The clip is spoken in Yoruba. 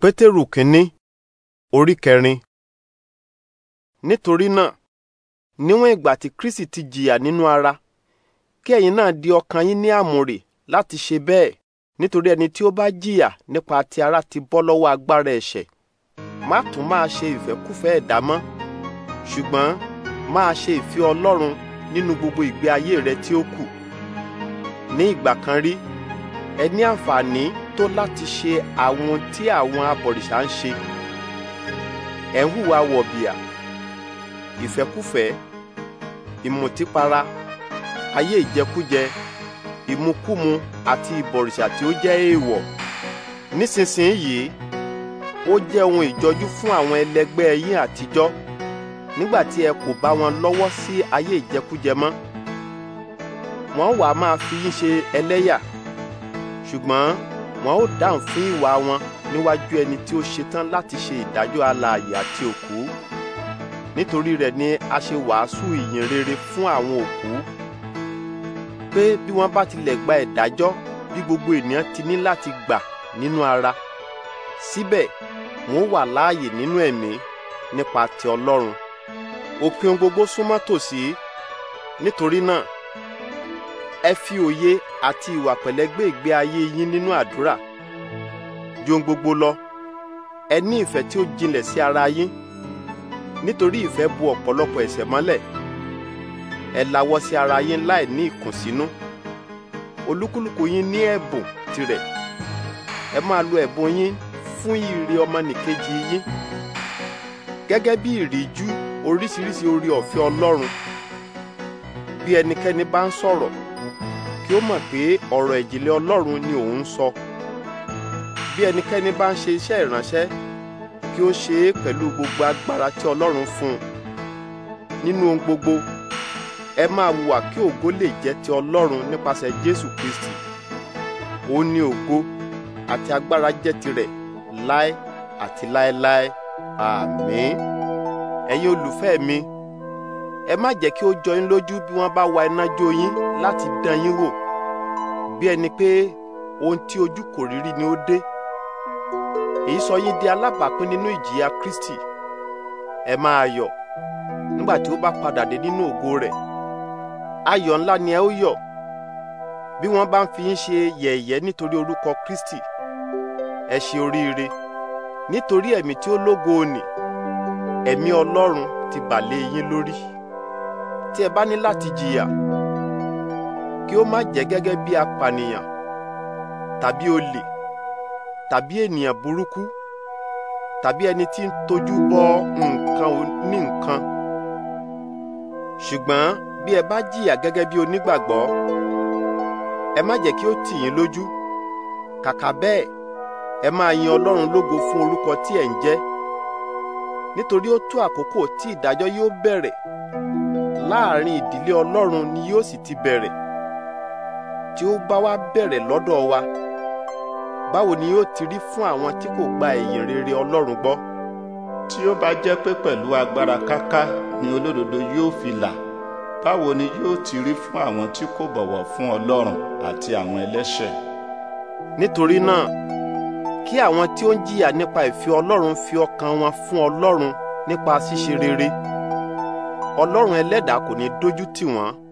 pétérù kínní orí kẹrin nítorí náà níwọ̀n ìgbà tí kristi ti jìyà nínú ara kí ẹ̀yin náà di ọkàn yín ní àmùrè láti ṣe bẹ́ẹ̀ nítorí ẹni tí ó bá jìyà nípa ti ara ti bọ́ lọ́wọ́ agbára ẹ̀ṣẹ̀ má tún máa ṣe ìfẹ́kúfẹ́ ẹ̀dá mọ́ ṣùgbọ́n máa ṣe ìfẹ́ ọlọ́run nínú gbogbo ìgbé ayé rẹ tí ó kù ní ìgbà kan rí ẹ àǹfààní tó láti ṣe àwọn tí àwọn abọ̀rìṣà ń ṣe ẹ̀ ń hùwà wọ̀bìà ìfẹ́kúfẹ̀ẹ́ ìmùtípara ayé ìjẹkújẹ ìmukúmu àti ìbọ̀rìṣà tí ó jẹ́ èèwọ̀ nísinsìnyí ó jẹ́ ohun ìjọjú fún àwọn ẹlẹgbẹ́ yín àtijọ́ nígbà tí ẹ kò bá wọn lọ́wọ́ sí ayé ìjẹkújẹ mọ́ wọ́n wàá máa fi yín ṣe ẹlẹ́yà ṣùgbọ́n wọn ó dáhùn fún ìwà wọn níwájú ẹni tí ó ṣetán láti ṣe ìdájọ́ alààyè àti òkú nítorí rẹ̀ ni a ṣe wàásù ìyìn rere fún àwọn òkú pé bí wọ́n bá tilẹ̀ gba ìdájọ́ bí gbogbo ènìyàn ti ní láti gbà nínú ara síbẹ̀ wọ́n wà láàyè nínú ẹ̀mí nípa ti Ọlọ́run òpin gbogbo súnmọ́ tòsí nítorí náà ẹ fi òye àti ìwà pẹ̀lẹ́ gbé ìgbé ayé yín nínú àdúrà ju ohun gbogbo lọ ẹ ní ìfẹ́ tí ó jinlẹ̀ sí ara yín nítorí ìfẹ́ bu ọ̀pọ̀lọpọ̀ ẹ̀ṣẹ̀ mọ́lẹ̀ ẹ lawọ́ sí ara yín láì ní ìkùnsínú olúkúlùkù yín ní ẹ̀bùn tirẹ̀ ẹ máa lo ẹ̀bùn yín fún ire ọmọnìkejì yín gẹ́gẹ́ bí ìríjú oríṣiríṣi oore ọ̀fẹ́ Ọlọ́run bí ẹnikẹ́ni bá ń sọ̀rọ̀ kí ó mọ̀ pé ọ̀rọ̀ ìjìnlẹ̀ Ọlọ́run ni òun ń sọ bí ẹnikẹ́ni bá ń ṣe iṣẹ́ ìránṣẹ́ kí ó ṣe é pẹ̀lú gbogbo agbára tí Ọlọ́run fún un nínú ohun gbogbo ẹ máa wùwà kí ògo lè jẹ́ ti Ọlọ́run nípasẹ̀ Jésù Kristi òun ni ògo àti agbára jẹ́ tirẹ̀ láé àti láéláé àmín ẹ̀yin olùfẹ́ mi ẹ má jẹ́ kí ó jọ yín lójú bí wọ́n bá wa iná jó yín láti dán yín wò bí ẹni pé ohun tí ojú kò rí rí ni ó dé èyí sọ yín di alábàápín nínú ìjìyà Kristi ẹ máa yọ̀ nígbà tí ó bá padà dé nínú ògo rẹ̀ ayọ̀ ńlá ni ẹ ó yọ̀ bí wọ́n bá ń fi yín ṣe yẹ̀yẹ́ nítorí orúkọ Kristi ẹ ṣe oríire nítorí ẹ̀mí tí ó lógo òní ẹ̀mí Ọlọ́run ti bà lé yín lórí tí ẹ bá ní láti jìyà. kí ó má jẹ́ gẹ́gẹ́ bí apànìyàn tàbí olè tàbí ènìyàn burúkú tàbí ẹni tí ń tojú bọ nǹkan ní nǹkan ṣùgbọ́n bí ẹ bá jìyà gẹ́gẹ́ bí onígbàgbọ́ ẹ má jẹ́ kí ó tì yín lójú kàkà bẹ́ẹ̀ ẹ máa Ọlọ́run lógo fún orúkọ tí ẹ̀ ń jẹ́ nítorí ó tó àkókò tí ìdájọ́ yóò bẹ̀rẹ̀ láàrin ìdílé Ọlọ́run ni yóò ti bẹ̀rẹ̀. tí ó bá wá bẹ̀rẹ̀ lọ́dọ̀ wa báwo ni yóò ti rí fún àwọn tí kò gba ìyìn rere Ọlọ́run gbọ́. tí ó bá jẹ́ pé pẹ̀lú agbára káká ni olódodo yóò fi là báwo ni yóò ti rí fún àwọn tí kò bọ̀wọ̀ fún Ọlọ́run àti àwọn ẹlẹ́ṣẹ̀. nítorí náà kí àwọn tí ó ń jìyà nípa ìfẹ́ Ọlọ́run fi ọkàn wọn fún Ọlọ́run nípa ṣíṣe rere Ọlọ́run ẹlẹ́dàá kò ní dójú tì wọ́n.